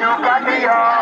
no caminhão.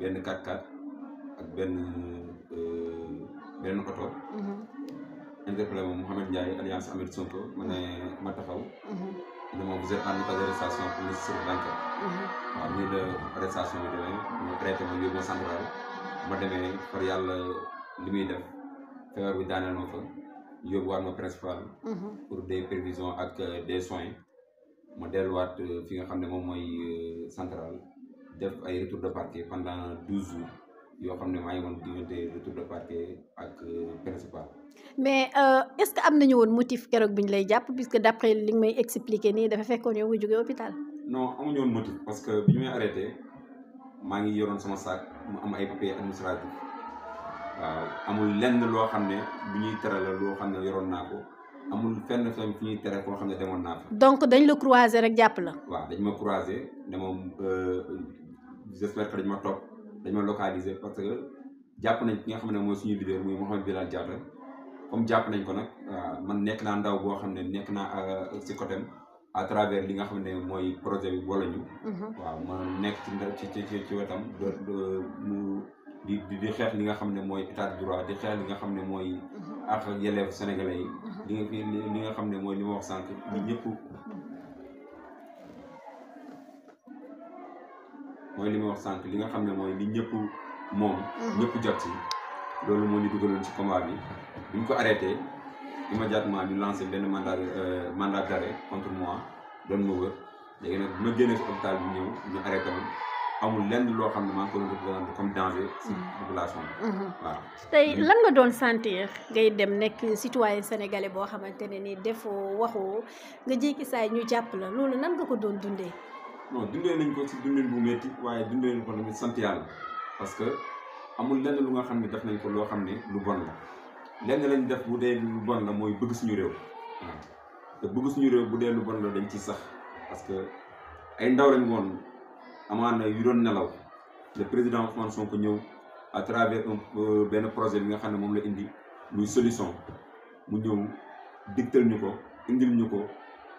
benn 4 x ak benn euh, benn oto. interpellé mhm. moom Mouhamed Ndiaye alliance Ameth Sonko ma ne ma taxaw. Mhm. ne moom vous êtes en état d'arrestation mhm. demee ñu ma yóbbu ma ma demee far yàlla li muy def feebar bi daaneel ma fa yóbbuwaat ma principal. pour des prévisions ak euh, des soins ma delluwaat euh, fi nga xam ne moom mooy central. def ay retour de parquet pendant 12 jours yoo xam ne maa ngi retour de parquet ak euh, principal. mais euh, est-ce que am nañu woon motif kérok biñ ñu lay jàpp puisque d'après li ngui may expliquer ni dafa fekkoon yow nga jógee hôpital. non amuñu won motif parce que biñ may arrêté ma ngi yoron sama sac mu am ay papiers administratif waaw amul lenn loo xam ne bu ñuy tere la loo xam ne yoroon naa ko. amul fenn fenn fi ñuy tere koo xam ne demoon fa. donc dañ le croiser rek japp la. waaw dañ ma croiser dama euh j'espère que dañ ma topp dañ ma localiser parce que jàpp nañ ki nga xam ne mooy suñu leader muy Mouhamed Bilal Diatta comme jàpp nañ ko nag man nekk naa ndaw boo xam ne nekk naa si euh, côté à travers li nga xam ne mooy projet bi Woloñu mhm. waaw nekk ci ci ci ci mu di di xeex li nga xam ne mooy état de droit di xeex li nga xam ne mooy mhm. ak yelleef sénégalais yi mhm. li nga xam ne mooy li ma wax sànq ñi ñëpp mooy li ma wax sànq li nga xam ne mooy li ñëpp moom. Mhm. ñëpp jot ci loolu moo ñu dugaloon ci combat bi buñ ko arrêté immédiatement ñu lancé benn mandat euh, mandat d'arrêt contre moi doon ma wër léegi nag bu ma génnee ci hôpital bi ñëw ñu arrêté woon amul lenn loo xam ne maa ngi ko doon représenté comme danger si mhm. population bi. Mhm. waaw tey lan nga doon sentir ngay dem nekk citoyen sénégalais boo xamante ne nii defoo waxoo nga jékki saay ñu jàpp la loolu nan nga ko doon dundee. non dundee nañ ko si dundin bu métti waaye dundee nañ ko tamit sant yàlla parce que amul lenn lu nga xam ne def nañ ko loo xam ne lu bon la lenn lañ def bu dee lu bon la mooy bëgg suñu réew te bëgg suñu réew bu dee lu bon la dañ ci sax parce que ay ndaw lañ woon amaana yu doon nelaw le président Ousmane ko ñëw à travers un euh, benn projet bi nga xam ne moom la indi luy solution mu ñëw digtal ñu ko indil ñu ko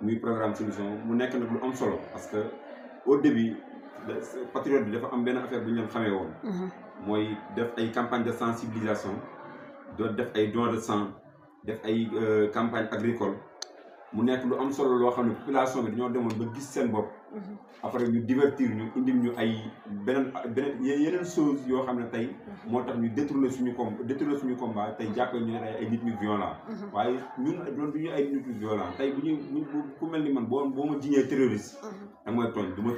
muy programme solution mu nekk nag lu am solo parce que au début patriote bi dafa am benn affaire bu ñu leen xamee woon. Mhm. mooy def ay campagne de sensibilisation do def ay don de sang def ay euh, campagne agricole mu nekk lu am solo loo xam ne population bi dañoo demoon ba gis seen bopp. après ñu divertir ñu indil ñu ay beneen beneen yeneen chose yoo xam ne tey moo tax ñu détourné suñu com détourné suñu combat tey jàppee ñu ne ay nit ñu violent mhm. waaye ñun doon du ñu ay nit ñu violent tey bu ñu ku mel ni man boo boo ma jiñee terroriste mhm. da mooy tooñ du ma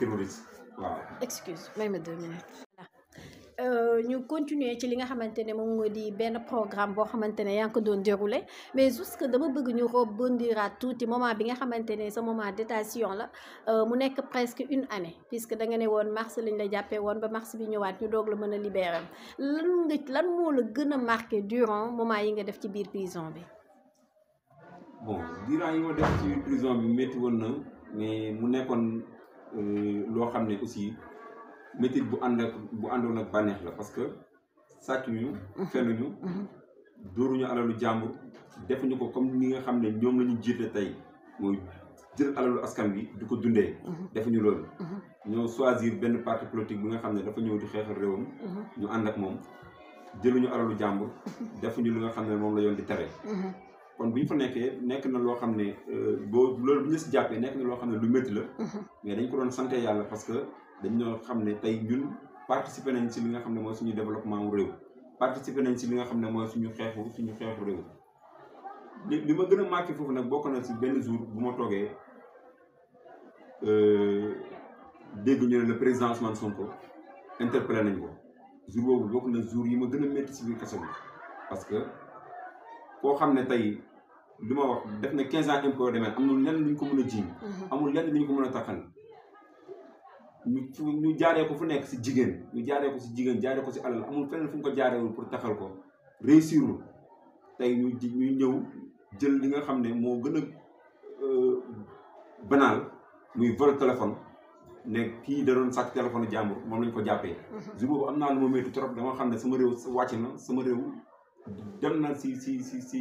waaw excuse may ma deux minutes Euh, ñu continuer ci li nga xamantene ne moom moo di benn programme bo xamantene ne ko doon dérouler mais jusque dama bëgg ñu rebondiraat touti moment bi nga xamantene ne sa moment détention la euh mu nekk presque une année puisque da nga né won mars liñ la jappé won ba mars bi ñëwaat ñu dog la mëna libérer lan nga lan mo la gëna marqué durant moment yi nga def ci biir prison bi. bon durant yi ma def ci prison bi metti won na mais mu nekkon euh lo xamné aussi métit bu ànd ak bu àndoon ak bànneex la parce que sàccuñu mhm. fenuñu mhm. dóoruñu alalu jambu defuñu ko comme ni nga xamné ne ñoom la ñu jiite tey jël alalu askan bi diko dundé dundee mhm. defuñu lool ñoo choisir benn parti politique bi nga xamné dafa ñëw di xéxal réewum ñu and ak mom jëluñu alalu jambu defuñu li nga xamné mom la yoon di téré kon bu ñu fa nekkee nekk na lo xamné ne lool euh, loolu bu ñu si jàppee nekk na lo xamné lu métti la mais dañ ko doon santé yalla parce que dañ ñoo xam ne tey ñun participer nañ ci li nga xam ne mooy suñu développement wu réew participer nañ ci li nga xam ne mooy suñu xeexu suñu xeexu réew li li ma gën a marqué foofu nag bokk na si benn jour bu ma toogee euh, dégg ñu ne le président Ousmane Sonko interpellé nañ ko jour boobu bokk na jour yi ma gën a métti si biir kaso bi parce que koo xam ne tey li ma wax def na 15 ans impôt domaine amul lenn lu ñu ko mën a jiiñ mm-hmm. amul lenn lu ñu ko mën a taxal ñu fu ñu jaaree ko fu nekk si jigéen ñu jaaree ko si jigéen jaaree ko si alal amul feneen fu ñu ko jaarewul pour taxal ko réussirul tey ñu di ñu ñëw jël li nga xam ne moo gën a euh, banal muy vol téléphone ne kii da doon sàcc téléphone jàmbur moom lañ ko jàppee mhm. jour boobu am naa lu ma métti trop dama xam ne sama réew wàcc na sama réew dem na si si si si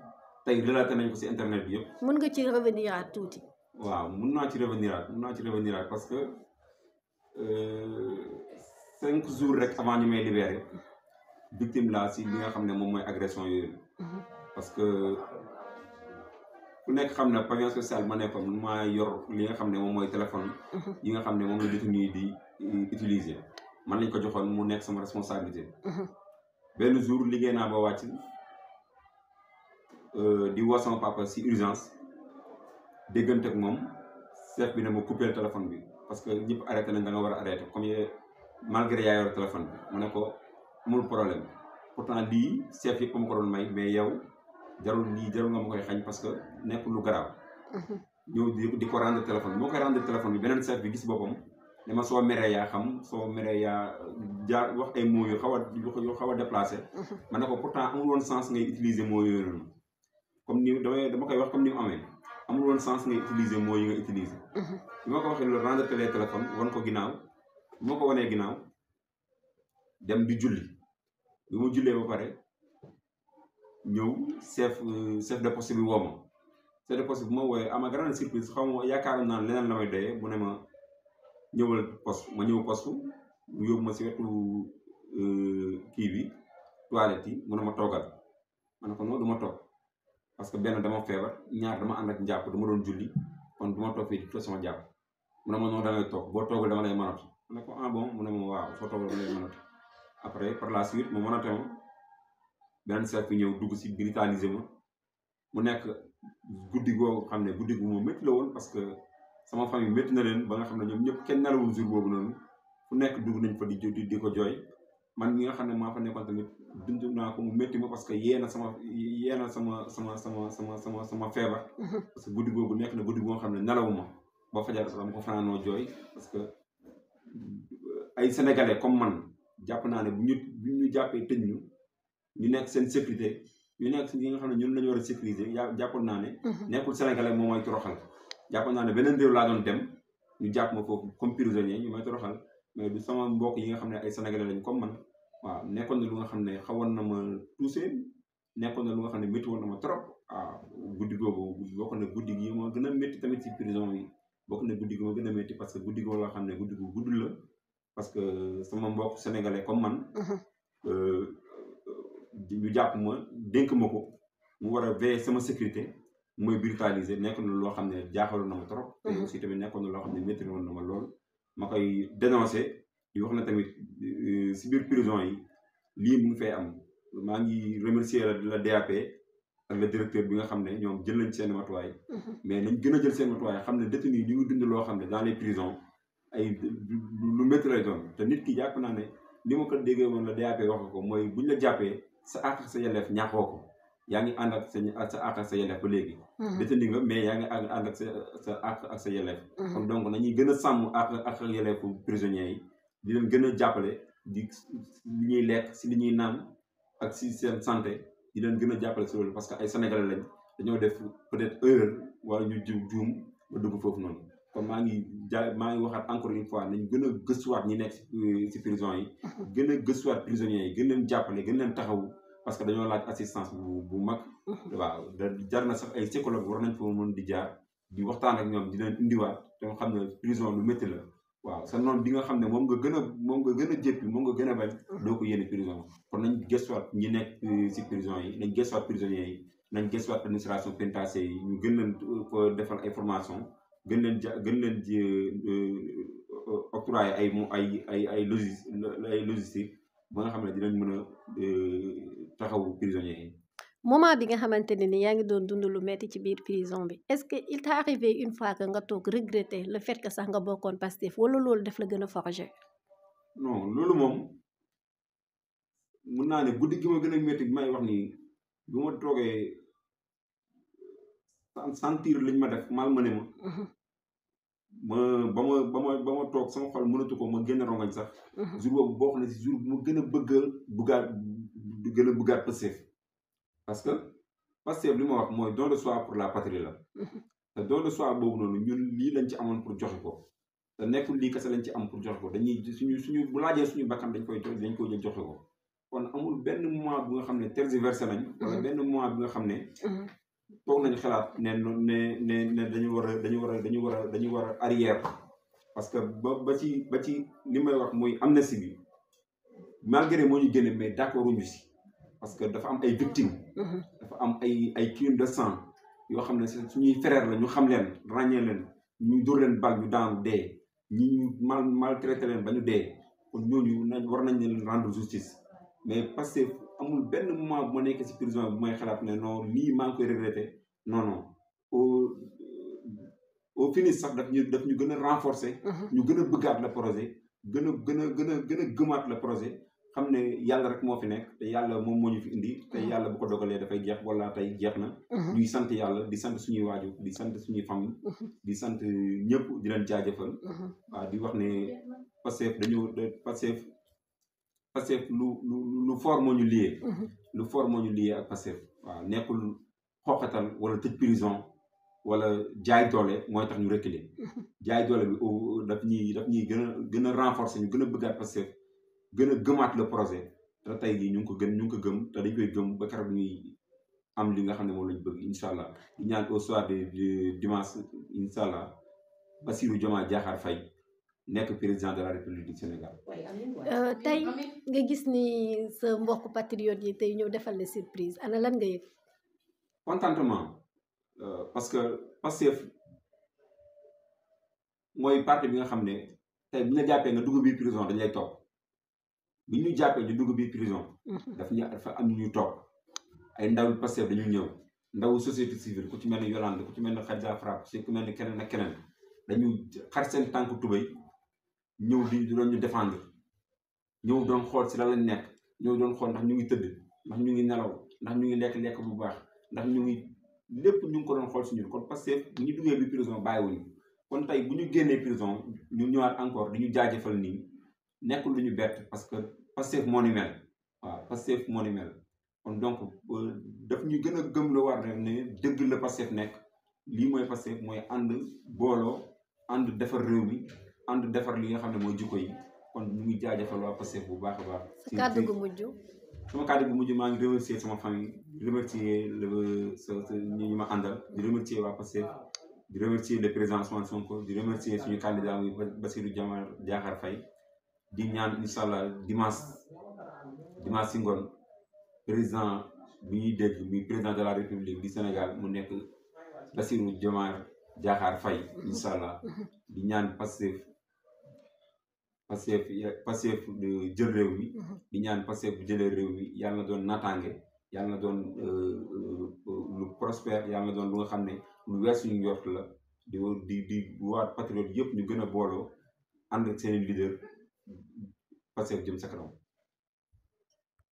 tay relaté nañ ko ci internet bi yëpp. mën nga ci revenir à touti waaw mën na ci revenir à mun naa ci revenir à parce que euh 5 jours rek avant ñu may libérer victime laa ci li nga xamné mom moy agression yooyu. Mhm. parce que ku nekk xam ne pavillon social ma nekkoon maa yor li nga xam ne moom mooy téléphone. Mhm. yi nga xam ne moom la détenu di utiliser man lañ ko joxoon mu nekk sama responsabilité. Mhm. benn jour liggéey naa ba wàcc. Euh, di woo sama papa si urgence déggante ak moom chef bi ne ma coupé téléphone bi parce que ñëpp arrêté na nga nga war a arrêté comme malgré yaa yor téléphone bi ma ne ko amul problème pourtant lii chef yi ma ko doon may mais yow jarul lii jarul nga ma koy xañ parce que nekk lu garaaw. Mhm. ñëw di di ko rendre téléphone moo koy rendre téléphone bi beneen chef bi gis boppam ne ma soo meree yaa xam soo meree yaa jaar wax ay mots yu xaw a yu xaw a déplacé. Mhm. ma ne ko pourtant amul woon sens ngay utiliser mots yooyu noonu comme ni damay dama koy wax comme ni amé amee amul woon sens ngay utiliser moo yi nga utiliser. Mhm. bi ma ko waxee loolu rendre télé téléphone won ko ginaaw bi woné ginaaw dem di julli bi mu jullee ba paré ñew chef euh, chef de poste bi woo chef de poste bi ma wooyee à ma grande surprise xaw ma yaakaar naa leneen la may doyee mu ne ma poste ma ñew poste mu yóbbu ma si wetu euh, ki bi toilette yi mu ne ma toogal ma ne ko non du ma toog. parce que benn dama feebar ñaar dama ànd ak njàpp dama doon julli kon du ma toog fii di toog sama jàpp mu ne ma noonu da toog boo toogul dama lay mënatu ma ne ko ah bon mu ne ma waaw soo toogul dama lay mënatu après par la suite mu a ma beneen chef bi dugg si brutalisé ma mu nekk guddi goo xam ne guddi gu ma métti la que sama famille métti na leen ba nga xam ne ñoom ñëpp kenn nelawul jour boobu noonu fu nekk dugg nañ fa di di ko jooy man mi nga xam ne maa fa nekkoon tamit dund naa ko mu métti ma parce que yee na sama yee na sama sama sama sama sama sama feebar. Mhm. parce que guddi googu nekk na guddi goo xam ne nelawu ma ba fajar sax ma ko fanaanoo jooy parce que ay sénégalais comme man jàpp naa ne bu ñu bu ñu jàppee tëj ñu ñu nekk seen sécurité ñu nekk si ñi nga xam ne ñun la ñu war a sécuriser yaa jàppoon naa ne. Mhm. nekkul sénégalais moom mooy toroxal. jàppoon naa ne beneen réew laa doon dem ñu jàpp ma foofu comme prisonnier ñu may toroxal. mais du sama mbokk yi nga xam ne ay sénégalais lañ comme man waaw nekkoon na lu nga xam ne xawoon na ma tuuse nekkoon na lu nga xam ne métti na ma trop waaw guddi googu bokk na guddi gi ma gën a métti tamit si prison yi bokk na guddi gi ma gën a métti parce que guddi googu la xam ne guddi gu gudd la parce que sama mbokk sénégalais comme man uh-huh. euh, ñu jàpp ma dénk ma ko mu war a veiller sama sécurité mooy brutaliser nekkoon na loo xam ne jaaxaloon na ma trop uh-huh. te aussi tamit nekkoon na loo xam ne métti woon na ma lool ma koy dénoncé di wax tamit euh, prison yi lii mu fay la DAP ak le directeur bi nga xam ne jël nañ seen matuwaay. Mhm. mais nañ gën jël seen matuwaay xam détenu ñu ngi dund dans les prisons ay lu métti lay te nit ki li la DAP buñ la sa sa yaa ngi ànd ak sa sa ak ak sa yelef ba léegi. dafa ndig mais yaa ngi ak ànd ak sa ak ak sa yelef. kon donc nañuy gën a sàmm ak ak ak yelefu prisonniers yi di leen gën a jàppale di li ñuy lekk si li ñuy naan ak si seen santé di leen gën a jàppale si loolu parce que ay sénégalais lañ dañoo def peut être heure wala ñu jiw juum ba dugg foofu noonu. kon maa ngi jaay maa ngi waxaat encore une fois nañ gën a gëstuwaat ñi nekk si prison yi. gën mhm. a gëstuwaat prisonniers yi gën leen jàppale gën leen taxawu. parce que dañoo laaj assistance bu bu mag. Mhm. waaw da jar na sax ay psychologue war nañ ko mën di jaar di waxtaan ak ñoom di leen indiwaat te nga xam ne prison lu métti la. waaw sa noonu bi nga xam ne moom nga gën a moom nga gën a jéppi moom nga gën a bañ mhm. doo ko yéene prison kon nañ gëstuwaat ñi nekk euh, si prison yi nañ gëstuwaat prisonniers yi nañ gëstuwaat administration pénitentiaire yi ñu gën leen euh, ko defal ay formation gën leen gën leen ji euh, octroyer ay ay ay ay logis ay logistique ba nga xam ne dinañ mën a taxawu prisonnier yi. moment bi nga xamanteni ni yaa ngi doon dund lu metti ci biir prison bi est-ce que il t'est arrivé une fois que nga toog regretter le fait que sax nga bokkoon pastif wala loolu daf la gën a forger. non loolu moom mun naa ne guddi gi ma gën a métti may wax ni bi ma toogee sentir liñ ma def malmené ma. Mhm. ma ba ma ba ma ba ma toog sama xol mënatu ko ma génn rongañ sax. Mhm. jour boobu boo xam ne si jour bu ma gën a bëgg a parce que de pour la patrie de pour nous pour moment nga ne mhm. benn bi nga arrière parce que ba ci ba ci wax malgré moo d'accord parce que dafa am ay victimes. Mm-hmm. dafa am ay de sang yoo xam ne suñuy frères la ñu xam leen ràññee leen ñu dur leen bal ñu daan dee ñi ñu mal maltraité leen ba ñu dee kon war nañ rendre justice mais parce que amul benn moment bu ma si prison bu may non non non au au fini sax daf ñu daf ñu renforcer. Mm-hmm. ñu gën a le projet gën le projet. xam ne yàlla rek moo fi nekk te yàlla moom moo ñu fi indi te mm-hmm. yàlla bu ko dogalee dafay jeex wala tey jeex na mm-hmm. ñuy sant yàlla di sant suñuy waajur di sant suñuy famille mm-hmm. di sant ñëpp di leen jaajëfal waaw di wax ne Pastef dañoo Pastef Pastef lu lu lu fort moo ñu liyee lu fort moo ñu liyee ak Pastef waaw nekkul xooxatal wala tëj prison wala jaay doole mooy tax ñu reculer jaay doole bi daf ñuy gën a gën a renforcer ñu gën a bëggaat Pastef gën a gëmaat le projet te tey jii ñu ngi ko gën ñu ngi ko gëm te dañ koy gëm ba keroog ñuy am li nga xam ne moom lañu bëgg incha allah di ñaan au soir de dimanche incha allah Bassirou Diomaye Diakhar Faye nekk président de la république du Sénégal. Euh, tey nga gis ni sa mbokk patriote yi tey ñëw defal la surprise ana lan nga yëg. contentement euh, parce que Pastef mooy parti bi nga xam ne tey bu ñu jàppee nga dugg biir prison dañ topp. bi ñu jàppee di dugg bi prison. Mhm. daf ñu dafa am ñu topp ay ndaw yu Pastef dañu ñëw ndawu société civile ku ci mel ni Yolande ku ci mel ni Khadija ku mel ni keneen keneen dañu xar seen tànk tubéy ñëw di doon ñu défendre ñëw doon xool si la lañ nekk ñëw doon xool ndax ñu ngi tëdd ndax ñu ngi nelaw ndax ñu ngi lekk lekk bu baax ndax ñu ngi lépp ñu ngi ko doon xool si ñun kon Pastef bu ñu duggee bi prison bàyyiwuñu kon tey bu ñu génnee prison ñu ñëwaat encore di ñu jaajëfal nii nekkul lu ñu bett parce que mon moo waaw kon donc euh, daf ñu gën gëm lu war ne ne dëgg la nekk lii mooy mooy ànd booloo ànd defar réew mi ànd li nga xam ne jikko yi kon ñu ngi bu remercier sama famille remercier le sa ñu ma remercier waa di remercier le président Sonko remercier suñu candidat Diakhar Faye di ñaan incha allah dimanche dimanche si ngoon président bi ñuy dégg muy président de la république du Sénégal mu nekk Bassirou Diomaye Diakhar fay incha allah di ñaan Pastef Pastef Pastef jël réew mi di ñaan Pastef bu jëlee réew mi yàlla na doon naataange yàlla na doon euh, euh, euh, lu prospère yàlla na doon lu nga xam ne lu weesu ñu njort la di di di waat patriote yëpp ñu gën a booloo ànd ak seen leader Pode ser o Diogo Sacrão.